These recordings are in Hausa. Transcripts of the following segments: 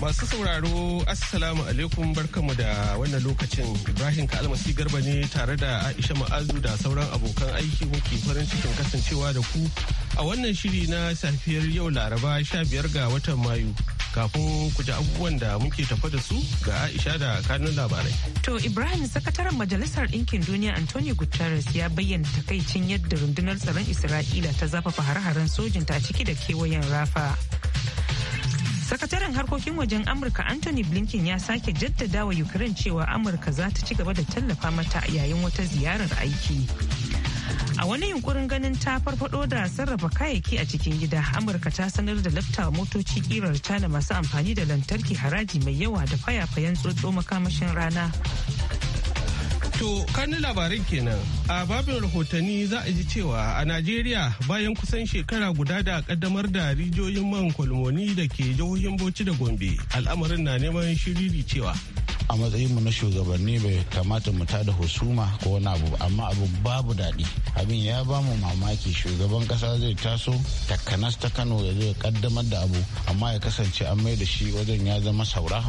Masu sauraro Assalamu alaikum barkamu da wannan lokacin Ibrahim Almasi Garba ne tare da Aisha Ma'azu da sauran abokan aiki muke farin cikin kasancewa da ku a wannan shiri na safiyar yau Laraba sha biyar ga watan Mayu. Kafin ku ji abubuwan da muke tafa da su ga Aisha da kanun labarai. To Ibrahim sakataren Majalisar Ɗinkin Duniya Antonio Guterres ya bayyana takaicin yadda rundunar tsaron Isra'ila ta zafafa har-haren sojinta a ciki da kewayen Rafa. sakataren harkokin wajen amurka anthony blinken ya sake jaddada wa ukraine cewa amurka za ta ci gaba da tallafa mata yayin wata ziyarar aiki a wani yunkurin ganin ta farfado da sarrafa kayayyaki a cikin gida amurka ta sanar da lafta motoci kirar da masu amfani da lantarki haraji mai yawa da fayafayen tsotso makamashin rana To, kani labarin kenan. A babin rahotanni za a ji cewa a Najeriya bayan kusan shekara guda da kaddamar da rijiyoyin man kwalmoni da ke jihohin Bauchi da Gombe, al'amarin na neman shiriri cewa. a matsayin mu na shugabanni bai kamata mu tada husuma ko wani abu amma abu babu daɗi abin ya ba mu mamaki shugaban ƙasa zai taso takanas ta kano ya zai kaddamar da abu amma ya kasance an mai da shi wajen ya zama saura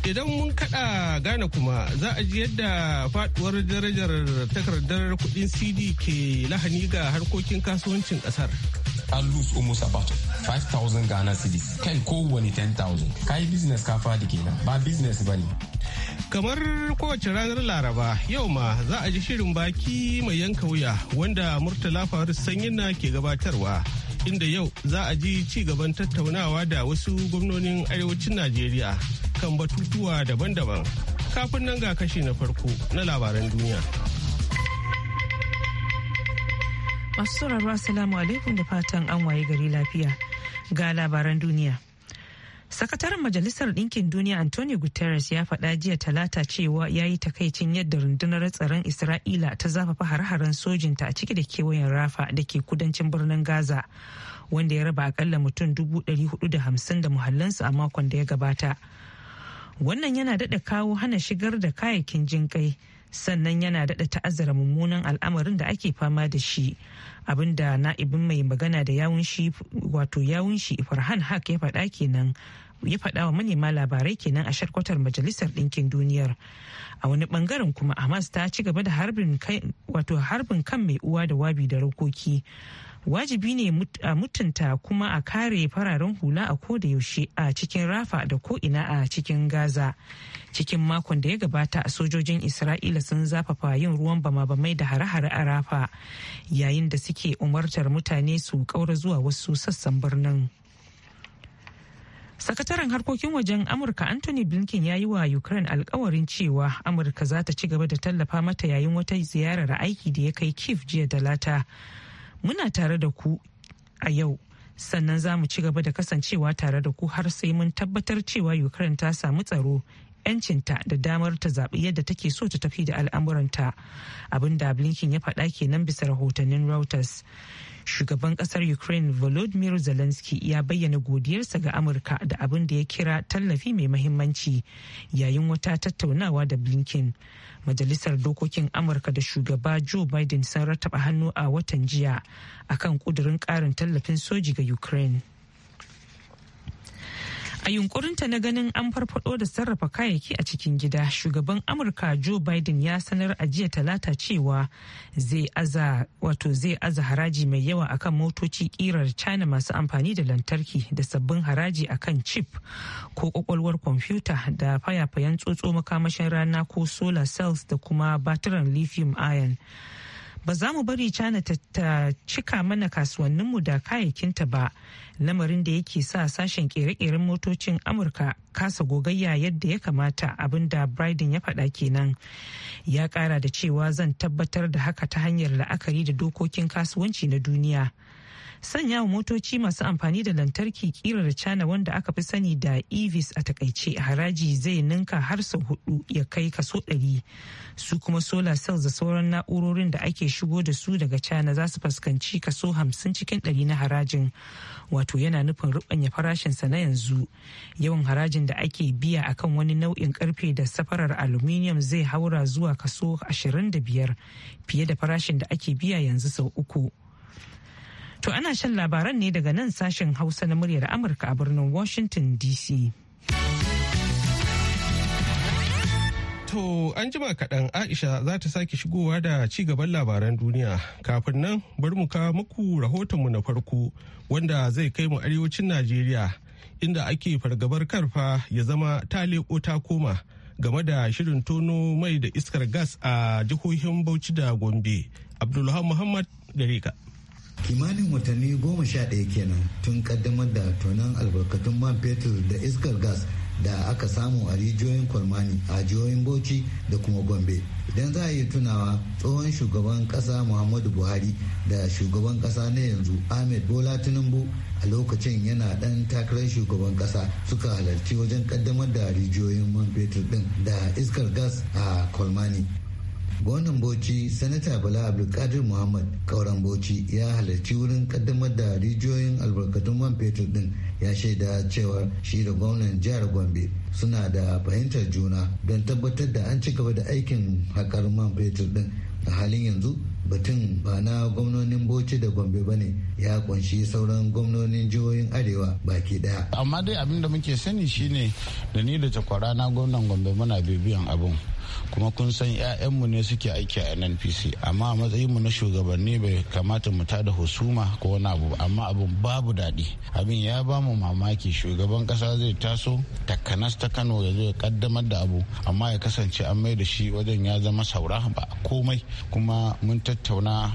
Idan mun kada gane kuma za a ji yadda faduwar darajar takardar kudin CD ke lahani ga harkokin kasuwancin kasar. an lose almost about 5,000 Ghana cedis kai kowane 10,000 kai business ka fadi kenan ba business ba ne. Kamar kowace ranar Laraba yau ma za a ji shirin baki mai yanka wuya wanda Murtala Faru Sanyin na ke gabatarwa. Inda yau za a ji ci gaban tattaunawa da wasu gwamnonin arewacin Najeriya kan batutuwa daban-daban kafin nan ga kashi na farko na labaran duniya. Masu sauraro Assalamu alaikum da fatan an waye gari lafiya ga labaran duniya. Sakataren Majalisar Ɗinkin Duniya Antonio Guterres ya faɗa jiya talata cewa ya yi takaicin yadda rundunar tsaron Isra'ila ta zafafa har-haren sojinta a ciki da kewayen Rafa da ke kudancin birnin Gaza, wanda ya raba akalla mutum 450 da muhallansu a makon da ya gabata. wannan yana daɗa kawo hana shigar da kayayyakin jinƙai sannan yana daɗa ta'azzara mummunan al'amarin da ake fama da shi abinda na'ibin mai magana da yawun shi wato yawun shi farhan haq ya faɗa kenan ya faɗa wa manema labarai kenan a sharkwatar majalisar ɗinkin duniyar a wani bangaren kuma hamas ta ci gaba da harbin kan mai uwa da wabi da rokoki wajibi ne a mutunta kuma a kare fararen hula a koda yaushe a cikin rafa da ko'ina a cikin gaza cikin makon da ya gabata sojojin isra'ila sun zafafa yin ruwan bama-bamai da hare-hare a rafa yayin da suke umartar mutane su kaura zuwa wasu sassan birnin sakataren harkokin wajen amurka anthony blinken ya yi wa ukraine alkawarin cewa amurka za ta ci gaba da tallafa mata yayin wata ziyarar aiki da ya kai kif jiya da lata muna tare da ku a yau sannan za mu ci gaba da kasancewa tare da ku har sai mun tabbatar cewa ukraine ta samu tsaro 'yancinta da damar ta zaɓi yadda take so ta tafi da al'amuranta abin da blinken ya faɗa kenan bisa rahotannin reuters shugaban ƙasar ukraine volodymyr zelensky ya bayyana godiyarsa ga amurka da abin da ya kira tallafi mai mahimmanci yayin wata tattaunawa da blinken majalisar dokokin amurka da shugaba joe biden sun rattaba hannu a watan jiya akan kudurin ƙarin tallafin soji ga ukraine A yunkurinta na ganin an farfado da sarrafa kayayyaki a cikin gida, shugaban Amurka Joe Biden ya sanar a jiya talata cewa zai aza wato zai aza haraji mai yawa akan motoci kirar China masu amfani da lantarki da sabbin haraji akan chip ko kwakwalwar kwamfuta da fayafayen tsotso makamashin rana ko solar cells da kuma batiran lithium ion. ba za mu bari China ta cika mana kasuwanninmu da kayayyakinta ba lamarin da yake sa sashen kere-keren motocin Amurka kasa gogayya yadda ya kamata abin da ya faɗa kenan. Ya ƙara da cewa zan tabbatar da haka ta hanyar la'akari da dokokin kasuwanci na duniya. sanya wa motoci masu amfani da lantarki kirar cana wanda aka fi sani da evis a takaice haraji zai ninka har sau hudu ya kai kaso ɗari su kuma solar cells da sauran na'urorin da ake shigo da su daga cana za su fuskanci kaso hamsin cikin ɗari na harajin wato yana nufin rubanya farashinsa na yanzu yawan harajin da ake biya akan wani nau'in karfe da safarar aluminium zai haura zuwa kaso ashirin da biyar fiye da farashin da ake biya yanzu sau uku. To ana shan labaran ne daga nan sashen Hausa na muryar Amurka a birnin Washington DC. To an jima kaɗan Aisha za ta sake shigowa da ci gaban labaran duniya. Kafin nan bari mu kawo muku rahotonmu na farko wanda zai kai mu arewacin Najeriya inda ake fargabar karfa ya zama ta leƙo ta koma game da shirin tono mai da iskar gas a jihohin Bauchi da Gombe. Abdulhamu Muhammad gare ka. kimanin watanni goma sha ɗaya kenan tun kaddamar da tonon albarkatun man fetur da iskar gas da aka samu a rijiyoyin kwalmani a jihohin bauchi da kuma gombe idan za a yi tunawa tsohon shugaban kasa muhammadu buhari da shugaban kasa na yanzu ahmed bola tinubu a lokacin yana dan takarar shugaban kasa suka halarci wajen kaddamar da rijiyoyin man fetur din da iskar gas a kwalmani Gwamnan Bauchi Sanata Bala Abdulkadir Muhammad kauran Bauchi ya halarci wurin kaddamar da rijiyoyin albarkatun man fetur din ya shaida cewa shi da gwamnan jihar Gombe suna da fahimtar juna don tabbatar da an ci gaba da aikin haƙar man fetur din a halin yanzu batun ba na gwamnonin bauchi da gombe ba ne ya kunshi sauran gwamnonin jihohin arewa baki daya amma dai abin da muke sani shine da ni da takwara na gwamnan gombe muna bibiyan abun kuma kun san 'ya'yanmu ne suke aiki a nnpc amma a matsayinmu na shugabanni bai kamata mu tada husuma ko wani abu amma abin babu daɗi abin ya ba mu mamaki shugaban ƙasa zai taso takanas ta kano ya zo ya kaddamar da abu amma ya kasance an mai da shi wajen ya zama saura ba komai kuma mun tattauna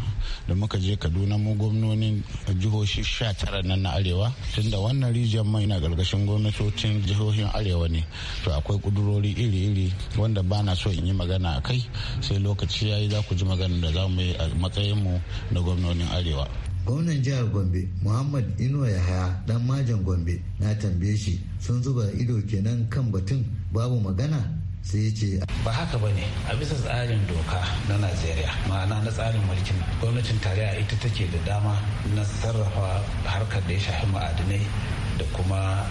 da muka je kaduna mu gwamnonin jihohi sha tara nan na arewa tunda wannan rijiyar mai na gargashin gwamnatocin jihohin arewa ne to akwai kudurori iri-iri wanda ba na so so in yi magana a kai sai lokaci ya yi za ku ji magana da za mu yi a matsayinmu na gwamnonin arewa gwamnan jihar gombe muhammad inuwa haya dan majan gombe na tambaye shi sun zuba ido kenan kan batun babu magana sai ya ce ba haka ba ne a bisa tsarin doka na najeriya ma'ana na tsarin mulkin gwamnatin tarayya ita take da dama na sarrafa harkar da ya shafi ma'adinai da kuma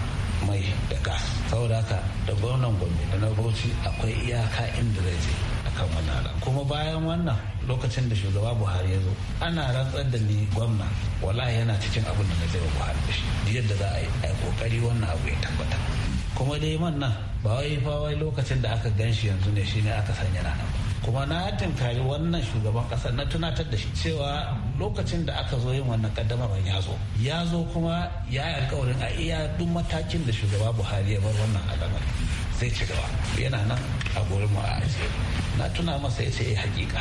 mai da gas saboda haka da gwamnan gombe da na bauchi akwai iyaka inda zai je a kan wannan kuma bayan wannan lokacin da shugaba buhari ya zo ana rantsar da ni gwamna wallahi yana cikin abin da na zai buhari da shi yadda za a yi a kokari wannan abu ya tabbata kuma dai man nan ba wai fa wai lokacin da aka gan shi yanzu ne shine aka sanya na nan kuma na tinkari wannan shugaban kasar na tunatar da shi cewa lokacin da aka zo yin wannan kaddamarwar ya zo ya zo kuma ya yi alkawarin a iya duk matakin da shugaba buhari ya bar wannan alamar zai ci gaba yana nan a gurin mu a ajiye na tuna masa ya ce ya eh, hakika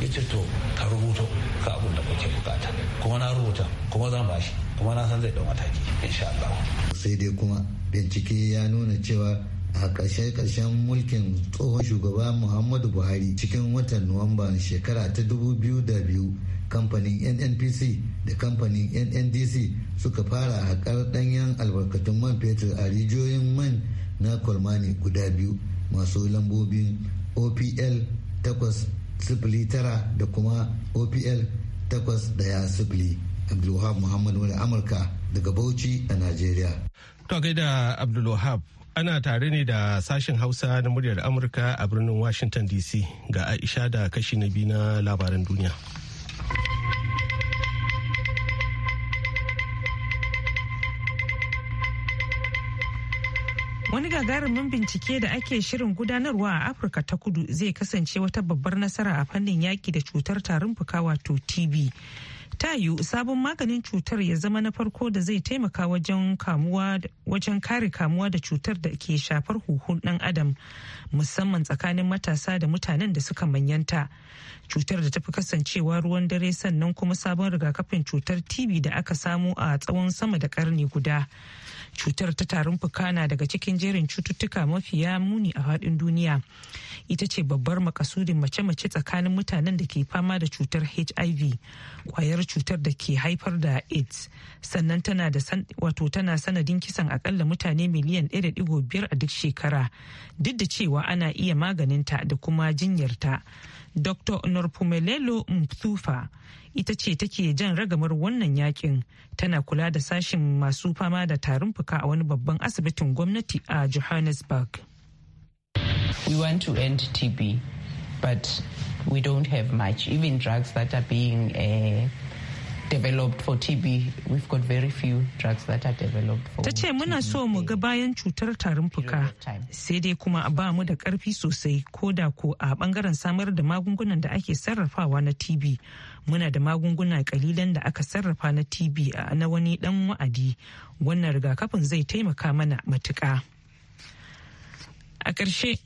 ya ce to ka rubuto ka abun da kuke bukata kuma na rubuta kuma zan bashi kuma na san zai dau mataki insha Allah sai dai kuma bincike ya nuna cewa a ƙarshe ƙarshen mulkin tsohon shugaba muhammadu buhari cikin watan Nuwamba shekara ta 2002 kamfanin nnpc da kamfanin nndc suka fara haƙar ɗanyen albarkatun man fetur a rijiyoyin man na kolmani guda biyu masu lambobin opl 809 da kuma opl 810 abdulwahab muhammad wani amurka daga bauchi a najeriya to da abdulwahab Ana tare ne da sashen Hausa na muryar Amurka a birnin Washington DC ga Aisha da kashi na biyu na labaran duniya. Wani gagarumin bincike da ake shirin gudanarwa a Afirka ta kudu zai kasance wata babbar nasara a fannin yaƙi da cutar tarin fuka wato tv. ta yiwu sabon maganin cutar ya zama na farko da zai taimaka wajen kare kamuwa da cutar da ke shafar huhun dan adam musamman tsakanin matasa da mutanen da suka manyanta cutar da tafi kasancewa ruwan dare sannan kuma sabon rigakafin cutar tv da aka samu a tsawon sama da karni guda cutar ta tarin fuka na daga cikin jerin cututtuka mafiya muni a faɗin duniya ita ce babbar makasudin mace-mace tsakanin mutanen da ke fama da cutar hiv kwayar kwayar cutar da ke haifar da aids sannan tana da wato tana sanadin kisan akalla mutane miliyan 1.5 a duk shekara duk da cewa ana iya maganinta da kuma jinyarta dr norpumelelo mthufa ita ce take jan ragamar wannan yakin tana kula da sashin masu fama da tarin fuka a wani babban asibitin gwamnati a johannesburg we want to end tb but we don't have much even drugs that are being uh, developed for TB. We've got very few drugs that are developed for. Tace muna so mu ga bayan cutar tarin fuka sai dai kuma ba mu da karfi sosai ko da ko a bangaren samar da magungunan da ake sarrafawa na TB. Muna da magunguna kalilan da aka sarrafa na TB a na wani dan wa'adi. Wannan rigakafin zai taimaka mana matuka. A ƙarshe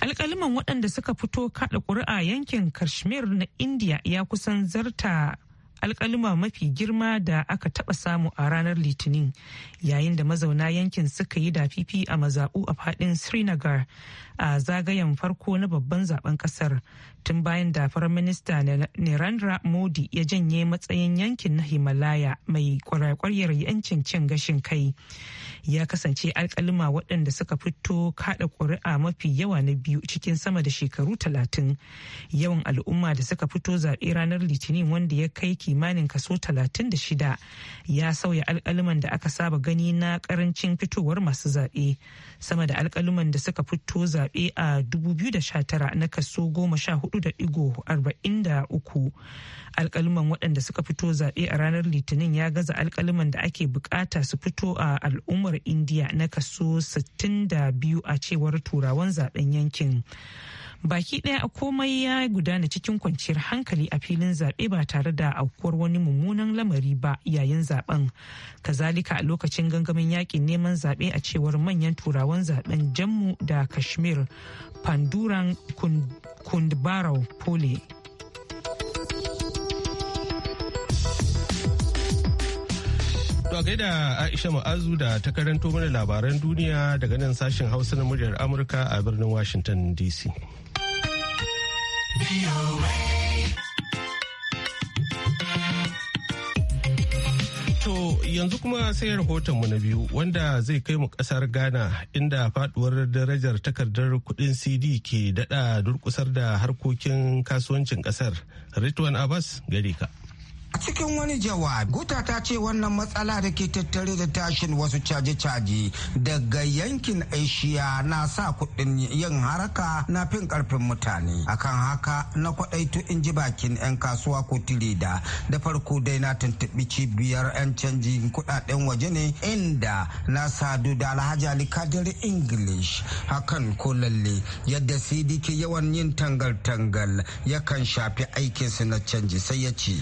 alkaliman waɗanda suka fito kaɗa ƙuri'a yankin kashmir na india ya kusan zarta Alkaluma mafi girma da aka taba samu a ranar litinin yayin da mazauna yankin suka yi dafifi a mazaɓu a fadin srinagar a zagayen farko na babban zaben kasar tun bayan da minista Narendra Modi ya janye matsayin yankin na Himalaya mai kwarakwaryar yancin cin gashin kai. Ya kasance alkalima waɗanda suka fito kaɗa ƙuri'a mafi yawa na biyu cikin sama da shekaru talatin. Yawan al'umma da suka fito zaɓe ranar Litinin wanda ya kai kimanin kaso talatin da shida ya sauya alkaliman da aka saba gani na ƙarancin fitowar masu zaɓe sama da alkaliman da suka fito zaɓe zaɓe a 2019 na kaso 14.43 alkaliman waɗanda suka fito zaɓe a ranar litinin ya gaza alkaliman da ake bukata su fito a al'ummar indiya na kaso 62 a cewar turawan zaben yankin baki ɗaya komai ya gudana cikin kwanciyar hankali a filin zaɓe ba tare da aukuwar wani mummunan lamari ba yayin zaben kazalika a lokacin gangamin yakin neman zaɓe a cewar manyan turawan zaben jammu da kashmir panduran kundbarau pole To gaida Aisha Ma'azu da ta karanto mana labaran duniya daga nan sashen Hausa na muryar Amurka a birnin Washington DC. To yanzu kuma sai rahotonmu na biyu wanda zai kai mu kasar Ghana inda faduwar darajar takardar kudin CD ke dada durkusar da harkokin kasuwancin kasar. Ritwan Abbas gare ka. A cikin wani jawab, Guta ta ce wannan matsala da ke tattare da tashin wasu caje-caje daga yankin Aishiya na sa kudin yin haraka na fin karfin mutane. Akan haka na kwaɗaito in ji bakin 'yan kasuwa ko tireda. Da farko dai na tuntuɓi cibiyar 'yan canji kudaden waje ne inda na sadu da Alhaji Ali English. Hakan ko lalle yadda CD yawan yin tangal-tangal yakan shafi aikinsu na canji sai ya ce.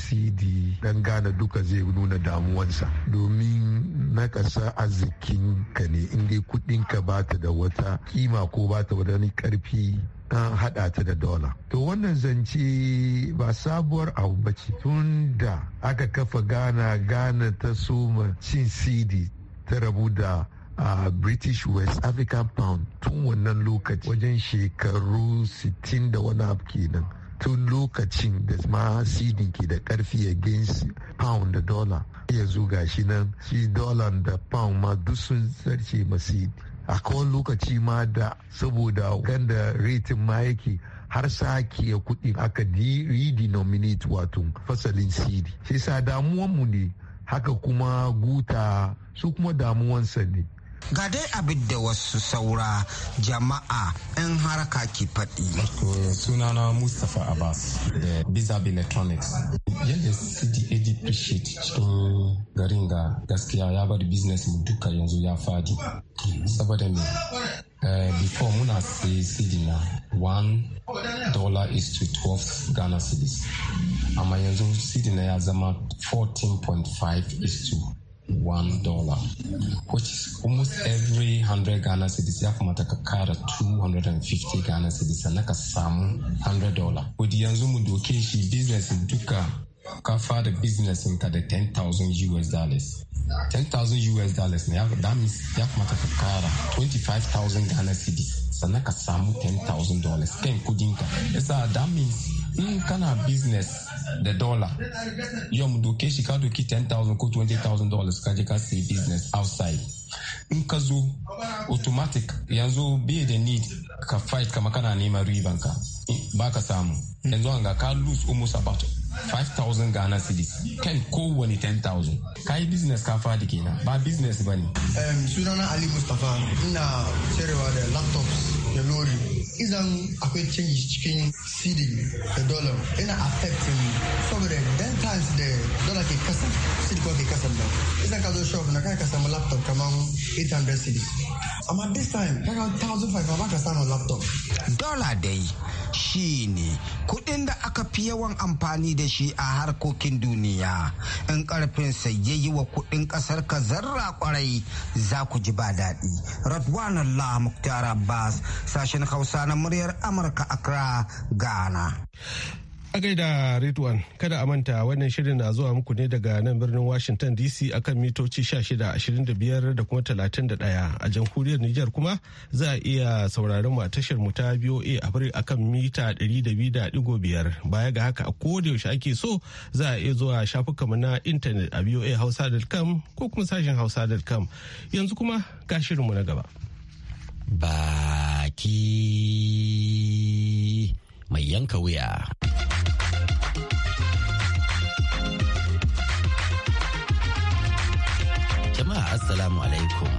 cd dan gane duka zai nuna damuwansa domin na kasa arzikin ka ne inda kudin ka bata da wata kima ko bata da wani karfi an hada ta da dola. To wannan zance ba sabuwar abu ba ce tun da aka kafa gana gana ta soma cin CD ta rabu da a British West African Pound tun wannan lokaci wajen shekaru 60 da wani abu kenan. tun lokacin da ma sidin ke da karfi against pound da dollar ya zo shi nan shi dollar da pound ma duk sun sarce masid a lokaci ma da saboda ganda ratin ma yake har sake ya kuɗi aka redenominate wato fasalin sidi shi sa damuwanmu ne haka kuma guta su kuma damuwansa ne ga dai abin da wasu saura jama'a 'yan haraka ke faɗi. sunana mustapha abbas da bizab electronics yadda cdad appreciate cikin garin ga gaskiya ya bari business mu duka yanzu ya fadi saboda me eh, before muna sai cd na 1 is to 12 ghana cedis amma yanzu cd na ya zama 14.5 is to one dollar, which is almost every hundred Ghana cedis. Ya kamata ka kara two hundred and fifty Ghana cedis, and ka samu hundred dollar. Wadi yanzu mu do shi business in duka ka fara business in ka ten thousand US dollars. Ten thousand US dollars that have ne ya kamata ka kara twenty five thousand Ghana cedis. Sannan ka samu ten thousand dollars. Can Ten kudinka. Yasa that means in mm, kana business da dollar, yau mu doke shi ka ten thousand ko thousand dollars ka je ka sayi business outside in zo automatic yanzu be da need ka fight kama kana neman riban ka ba ka samu yanzu an ka lose almost about Five thousand Ghana ko kan ten thousand. ka yi e business ka fadi kenan ba business ba ne sunana ali mustapha uh, ina cirewa da laptops da lori izan akwai canji cikin cd da dollar ina affecting saboda dan times da dollar ke kasa cd kuma ke kasa da izan ka zo shop na kai ka samu laptop kaman 800 cd amma this time ga 1500 amma ka samu laptop dollar dai shi ne kudin da aka fi yawan amfani da shi a harkokin duniya in karfin ya yi wa kudin kasar ka zarra kwarai za ku ji ba daɗi radwan allah muktar abbas sashen hausa na muryar Amurka Accra, Ghana. A gaida Ridwan, kada a manta wannan shirin na zuwa muku ne daga nan birnin Washington DC akan mitoci 1625 da kuma 31 a jamhuriyar Nijar kuma za a iya sauraron mu a tashar mu ta BOA Africa akan mita 200.5 baya ga haka a koda yaushe ake so za a iya zuwa shafukanmu na intanet a hausa.com ko kuma sashen hausa.com yanzu kuma ga shirin mu na gaba. baki mai yanka wuya. Jama'a Assalamu alaikum.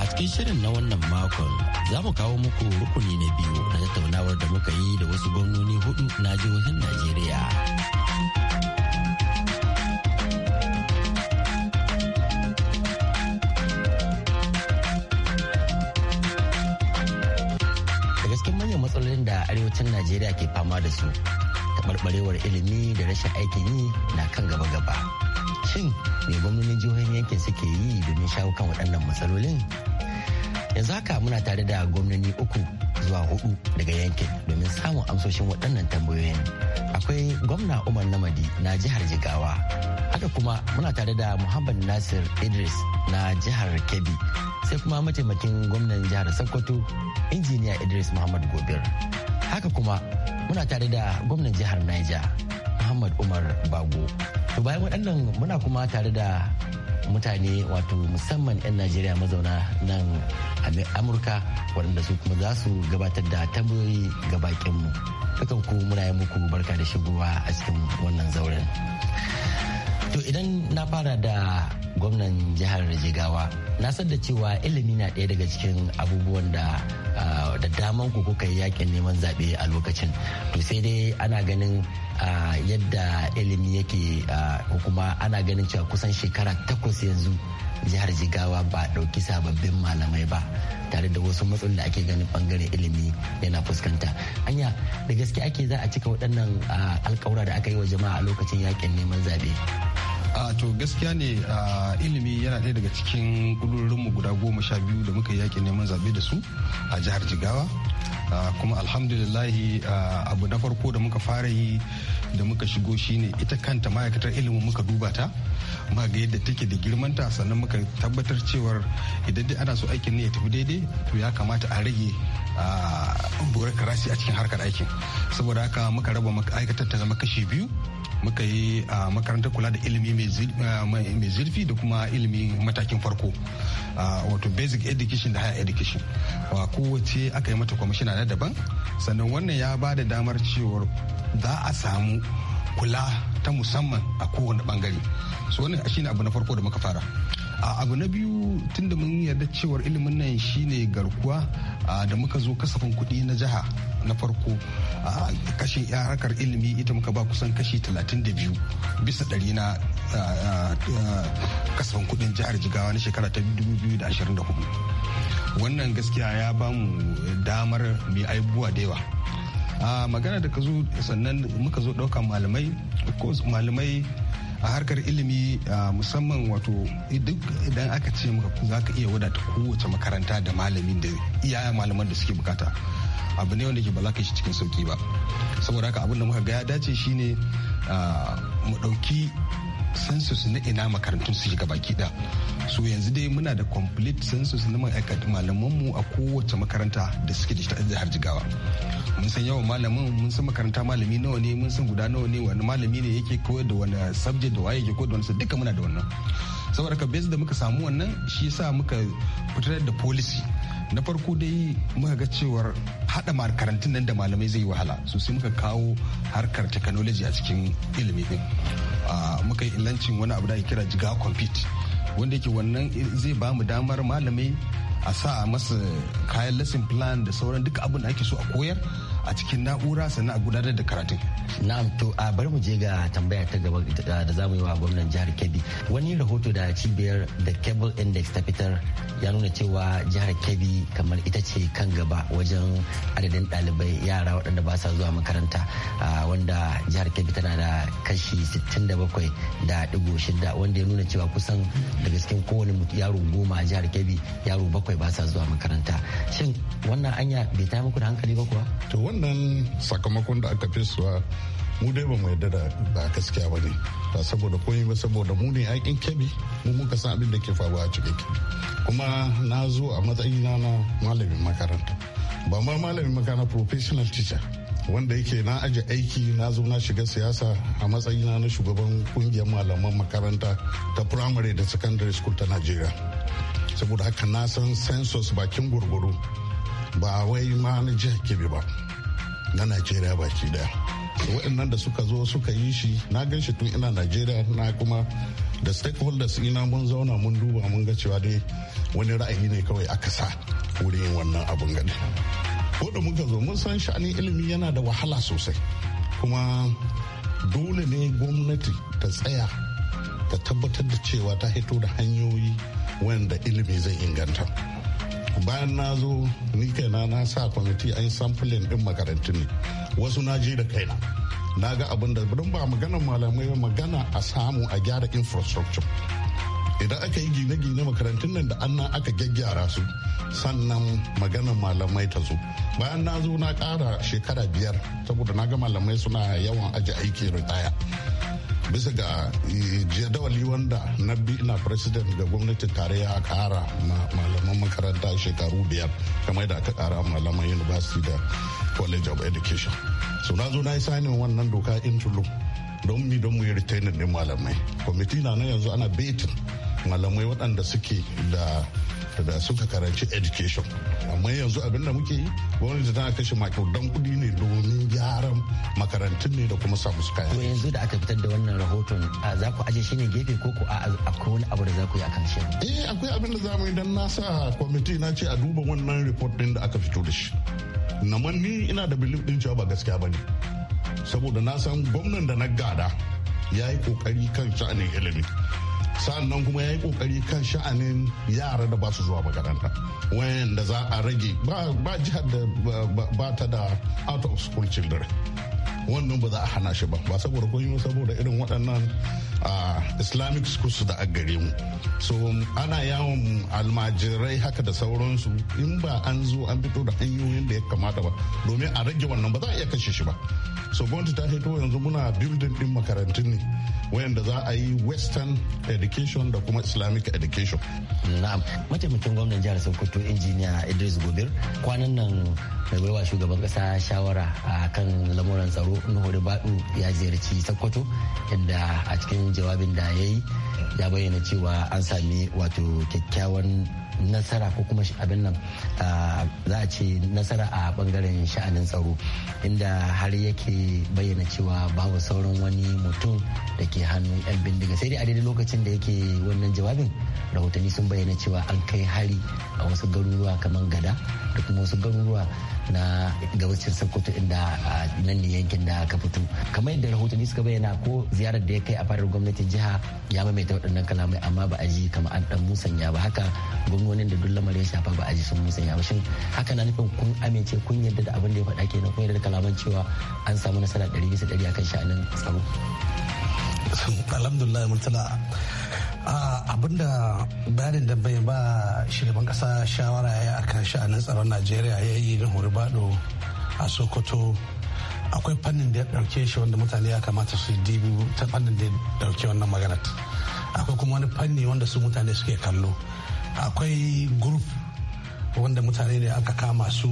A cikin shirin na wannan makon za mu kawo muku rukuni na biyu na tattaunawar da muka yi da wasu gwamnoni hudu na jihohin Najeriya. ƙasashen najeriya ke fama da su taɓarɓarewar ilimi da rashin aikin yi na kan gaba-gaba shin me gwamnonin jihohin yankin suke yi domin shawo kan waɗannan matsalolin yanzu haka muna tare da gwamnoni uku zuwa hudu daga yankin domin samun amsoshin waɗannan tambayoyin akwai gwamna umar namadi na jihar jigawa haka kuma muna tare da muhammad nasir idris na jihar kebbi sai kuma mataimakin gwamnan jihar sokoto injiniya idris muhammad gobir haka kuma muna tare da gwamnan jihar niger muhammad umar bago to bayan waɗannan muna kuma tare da mutane wato musamman 'yan najeriya mazauna nan amurka waɗanda su kuma za su gabatar da tambayoyi ga bakinmu kakan ku muna yi muku barka da shigowa a cikin wannan zauren To idan na fara da gwamnan jihar Jigawa, na san da cewa ilimi na ɗaya daga cikin abubuwan da da daman ku kuka yi yakin neman zaɓe a lokacin. To sai dai ana ganin yadda ilimi yake kuma ana ganin cewa kusan shekara takwas yanzu jihar jigawa ba ɗauki sababbin malamai ba tare da wasu matsalolin da ake ganin bangaren ilimi yana fuskanta anya da gaske ake za a cika waɗannan alkawura da aka yi wa jama'a a lokacin yakin neman zaɓe a to gaskiya ne ilimi yana ɗaya daga cikin mu guda goma sha biyu da muka yi yakin neman zaɓe da su a jihar jigawa kuma alhamdulillahi abu na farko da muka fara yi da muka shigo shine ita kanta ma'aikatar ilimin muka duba ta ma ga yadda take da girmanta sannan muka tabbatar cewar idan dai ana so aikin ne ya tafi daidai to ya kamata a rage burokrasi a cikin harkar aikin saboda haka muka raba ma'aikatar ta zama kashi biyu muka yi a makarantar kula da ilimi mai zurfi da kuma ilimi matakin farko wato basic education da higher education wa kowace aka yi mata kwamishina na daban sannan wannan ya ba da damar cewar za a samu kula ta musamman a kowane bangare so wannan shine abu na farko da muka fara abu na biyu tunda mun yarda cewar ilimin nan shine garkuwa da muka zo kasafin kuɗi na jiha na farko a kashin harkar ilimi ita muka ba kusan kashi 32 bisa ɗari na kasafin kuɗin jihar jigawa na shekara ta 2024 wannan gaskiya ya ba mu damar mai aibuwa da yawa a magana da ka zo sannan muka zo ɗaukan malamai malamai a harkar ilimi musamman wato duk idan aka ce maka za ka iya wadata kowace makaranta da malami da iyayen malaman da suke bukata abu ne wanda ke ba za ka shi cikin sauki ba saboda haka abin da muka ga ya dace shine mu ɗauki census na ina makarantun su shiga baki da so yanzu dai muna da complete census na malamanmu a kowace makaranta da suke da shi har jigawa mun san yawan malamin mun san makaranta malami nawa ne mun san guda nawa ne wani malami ne yake koyar da wani subject da waye yake koyar da wani duka muna da wannan saboda ka base da muka samu wannan shi yasa muka fitar da policy na farko dai muka ga cewar hada makarantun nan da malamai zai wahala sosai muka kawo harkar technology a cikin ilimi din muka yi ilancin wani abu da ake kira jiga compete wanda yake wannan zai ba mu damar malamai a sa masa kayan lesson plan da sauran duka abin da ake so a koyar a cikin na'ura sannan a gudanar da karatun. Na'am to a bari mu je ga tambaya ta gaba da zamu yi wa gwamnan jihar Kebbi. Wani rahoto da cibiyar da Cable Index ta fitar ya nuna cewa jihar Kebbi kamar ita ce kan gaba wajen adadin ɗalibai yara waɗanda ba sa zuwa makaranta wanda jihar Kebbi tana da kashi 67 da ɗigo shida wanda ya nuna cewa kusan daga cikin kowane yaro goma a jihar Kebbi yaro bakwai ba sa zuwa makaranta. Shin wannan anya bai ta muku da hankali ba kuwa? wannan sakamakon da aka fi suwa mu dai ba mu yadda da ba gaskiya ba ne ba saboda koyi ba saboda mu ne aikin kebi mu muka san abin da ke faruwa a cikin kebi kuma na zo a matsayi na malamin makaranta ba ma malamin makaranta professional teacher wanda yake na ajiye aiki na zo na shiga siyasa a matsayina na shugaban kungiyar malaman makaranta ta primary da secondary school ta najeriya saboda haka na san census bakin gurguru ba wai ma na jihar kebi ba na najeriya baki daya waɗannan da suka zo suka yi shi na gan shi tun ina najeriya na kuma da stakeholders ina mun zauna mun duba mun ga cewa dai wani ra'ayi ne kawai aka sa wurin wannan abun gani. koda muka zo mun san sha'anin ilimi yana da wahala sosai kuma dole ne gwamnati ta tsaya ta tabbatar da cewa ta hito da hanyoyi wanda ilimi zai inganta bayan na zo ni kaina na sa kwamiti an samfulin din makarantu ne wasu na je da kaina na ga abin da don ba maganar malamai magana a samu a gyara infrastructure idan aka yi gine-gine makarantun nan da an aka gyaggyara su sannan maganar malamai ta zo bayan na zo na kara shekara biyar saboda na ga malamai suna yawan aji aiki ritaya bisa ga eh, jadawali wanda na bi ina president da gwamnatin tarayya a kara malaman makaranta shekaru biyar kamar da aka kara malaman university da college of education so na zo na yi sainin wannan doka intulu don mi don mu yi retainer ne malamai kwamiti na yanzu ana betin malamai waɗanda suke da da suka karanci education amma yanzu abin da muke yi wani da tana kashe makudan kudi ne domin gyaran makarantun ne da kuma samu su kaya. yanzu da aka fitar da wannan rahoton za ku aje shi ne gefe ko ku akwai wani abu da za ku yi a kan shi. eh akwai abin da za mu yi don na sa kwamiti na ce a duba wannan report din da aka fito da shi. naman ni ina da belief din cewa ba gaskiya ba ne saboda na san gwamnan da na gada ya yi kokari kan sha'anin ilimi sannan kuma ya yi kokari kan sha'anin yara da ba su zuwa makaranta wayanda za a rage ba jihar da ba ta da out of school children wannan ba za a hana shi ba ba saboda kun saboda irin waɗannan a islamic su da a gare mu so ana yawon almajirai haka da sauransu in ba an zo an fito da hanyoyin da ya kamata ba domin a rage wannan ba za a iya kashe shi ba so gwamnati ta fito yanzu muna building din makarantun ne wayanda za a yi western education da kuma islamic education na'am mataimakin gwamnan jihar sokoto injiniya idris gobir kwanan nan mai baiwa shugaban kasa shawara a kan lamuran tsaro nuhu da badu ya ziyarci sokoto inda a cikin cikin jawabin da ya yi ya bayyana cewa an sami wato kyakkyawan nasara ko kuma abin nan za a ce nasara a bangaren sha'anin tsaro inda har yake bayyana cewa babu sauran wani mutum da ke hannu 'yan bindiga sai dai a daidai lokacin da yake wannan jawabin rahotanni sun bayyana cewa an kai hari a wasu garuruwa kamar gada da kuma wasu garuruwa na gabacin sokoto inda nan ne yankin da ka fito kamar yadda rahotanni suka bayyana ko ziyarar da ya kai a fadar gwamnatin jiha ya maimaita waɗannan kalamai amma ba a ji kamar an dan musanya ba haka gwamnonin da duk lamarin ya shafa ba a ji sun musanya ba shin haka na nufin kun amince kun yarda da abin da ya faɗa kenan kun yarda da kalaman cewa an samu nasara ɗari bisa ɗari akan sha'anin tsaro. alhamdulillah murtala abinda bayanin da bai ba shugaban kasa shawara ya yi a kan sha'anin tsaron najeriya ya yi na horibado a sokoto akwai fannin da ya dauke shi wanda mutane ya kamata su dibi ta fannin da ya dauke wannan maganar akwai kuma wani fanni wanda su mutane suke kallo akwai group wanda mutane ne aka kama su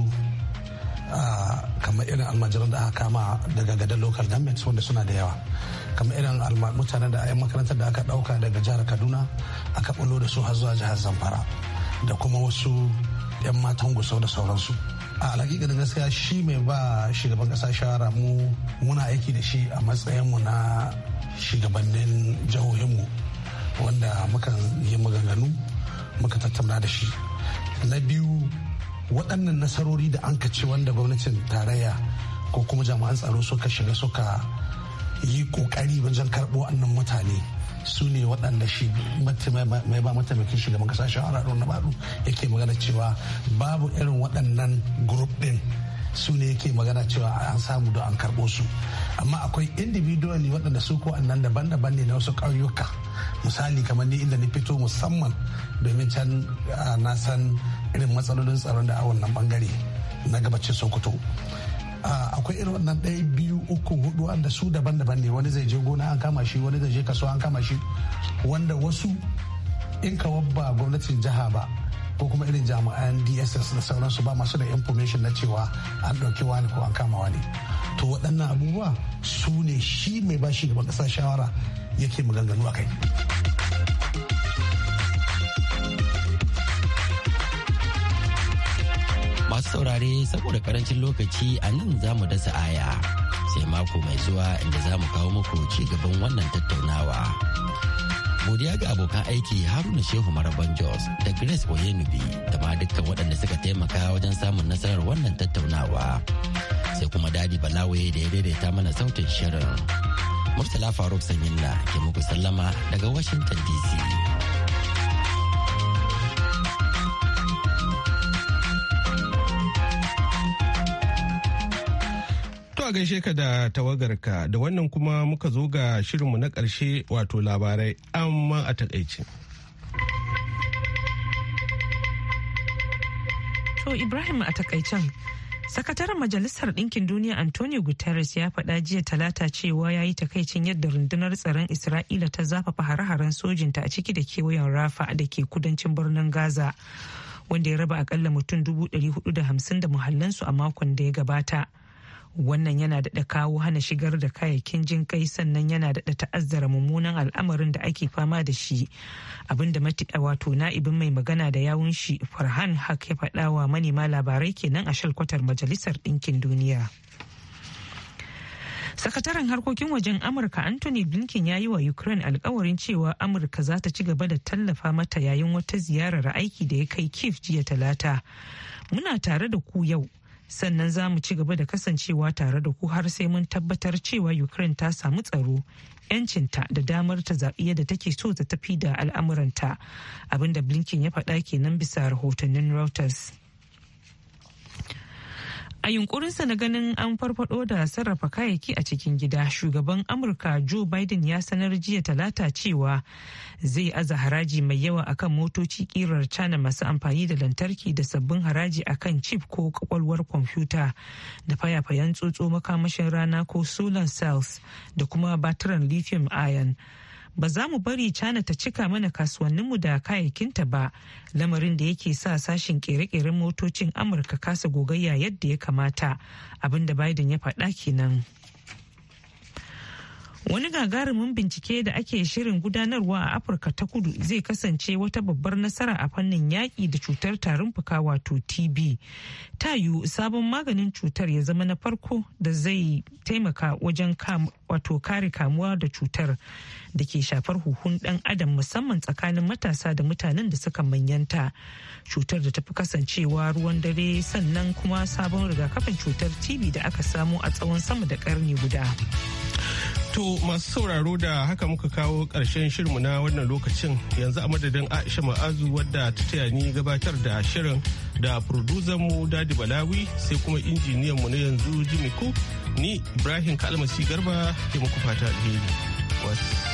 kamar irin almajiran da aka kama daga gadar local government wanda suna da yawa kamar irin mutanen da 'yan makarantar da aka dauka daga jihar kaduna aka bulo da su har zuwa jihar zamfara da kuma wasu 'yan matan gusau da sauransu a alhakika da gaskiya shi mai ba shugaban kasa shawara mu muna aiki da shi a matsayinmu na shugabannin jihohinmu wanda muka yi maganganu muka tattauna da shi na biyu waɗannan nasarori da an ce wanda gwamnatin tarayya ko kuma jami'an tsaro suka shiga suka yi kokari wajen karɓo wannan mutane su ne waɗanda shi mai ba mataimakin shugaban kasa shawara na baɗu yake magana cewa babu irin waɗannan group ɗin su ne yake magana cewa an samu da an karɓo su amma akwai individually waɗanda su ko annan daban-daban ne na wasu ƙauyuka misali kamar ni inda ni fito musamman domin can ah, na san irin matsalolin tsaron da a wannan bangare na gabacin sokoto akwai irin wannan ɗaya biyu uku hudu wanda su daban-daban ne wani zai je gona an kama shi wani zai je kaso an kama shi wanda wasu in kawar ba gwamnatin jiha ba ko kuma irin jami'an dss da sauransu ba masu da information na cewa an ɗauki wani ko an kama wani to waɗannan abubuwa su ne shi mai bashi gaban ƙasa shawara yake maganganu a kai. masu saurare saboda karancin lokaci a nan za mu dasa aya sai mako mai zuwa inda za mu kawo muku ci gaban wannan tattaunawa godiya ga abokan aiki haruna shehu maraban jos da grace oyenubi da ma dukkan waɗanda suka taimaka wajen samun nasarar wannan tattaunawa sai kuma dadi balawaye da ya daidaita mana sautin shirin murtala faruk sanyin na ke muku sallama daga washington dc a gaishe ka da tawagarka da wannan kuma muka zo ga shirinmu na ƙarshe wato labarai amma a takaice. To Ibrahim a takaicen. Sakataren Majalisar Ɗinkin Duniya Antonio Guterres ya faɗa jiya talata cewa ya yi takaicin yadda rundunar tsaron Isra'ila ta zafafa hare-haren sojinta a ciki da kewayen Rafa da ke kudancin birnin Gaza. Wanda ya raba akalla mutum 450 da muhallansu a makon da ya gabata. wannan yana daɗa kawo hana shigar da kayayyakin jin kai sannan yana daɗa ta'azzara mummunan al'amarin da ake fama da shi abinda wato na'ibin mai magana da yawun shi farhan hak ya faɗa wa manema labarai kenan a shalkwatar majalisar ɗinkin duniya sakataren harkokin wajen amurka anthony blinken ya yi wa ukraine alkawarin cewa amurka za ta ci gaba da tallafa mata yayin wata ziyarar aiki da ya kai kif jiya talata muna tare da ku yau sannan za mu ci gaba da kasancewa tare da ku har sai mun tabbatar cewa ukraine ta samu tsaro yancinta da damar ta zaɓi yadda take so ta tafi da al'amuranta abinda blinken ya faɗa kenan bisa rahotannin reuters A yunkurinsa na ganin an farfado da sarrafa kayayyaki a cikin gida, shugaban Amurka Joe Biden ya sanar jiya talata cewa zai aza haraji mai yawa akan motoci kirar cana masu amfani da lantarki da sabbin haraji akan chip ko kwakwalwar kwamfuta da fayafayen tsotso makamashin rana ko solar cells da kuma batiran lithium ion. ba za mu bari cana ta cika mana kasuwanninmu da kayayyakinta ba lamarin da yake sa sashin kere-keren motocin amurka kasa gogayya yadda ya kamata abinda biden ya faɗa kenan. wani gagarumin bincike da ake shirin gudanarwa a afirka ta kudu zai kasance wata babbar nasara a fannin yaƙi da cutar tarin fuka wato tb ta sabon maganin cutar ya zama na farko da zai taimaka wajen wato kare kamuwa da cutar da ke shafar huhun ɗan adam musamman tsakanin matasa da mutanen da suka manyanta cutar da tafi kasancewa ruwan dare sannan kuma sabon rigakafin cutar tb da aka samu a tsawon sama da ƙarni guda. To masu sauraro da haka muka kawo ƙarshen shirinmu na wannan lokacin yanzu a madadin Aisha Ma'azu wadda ta taya ni gabatar da shirin da mu Dadi Balawi sai kuma mu na yanzu Jimmy Cook ni Ibrahim Kalmasi Garba ke muku fata alheri. Wasu.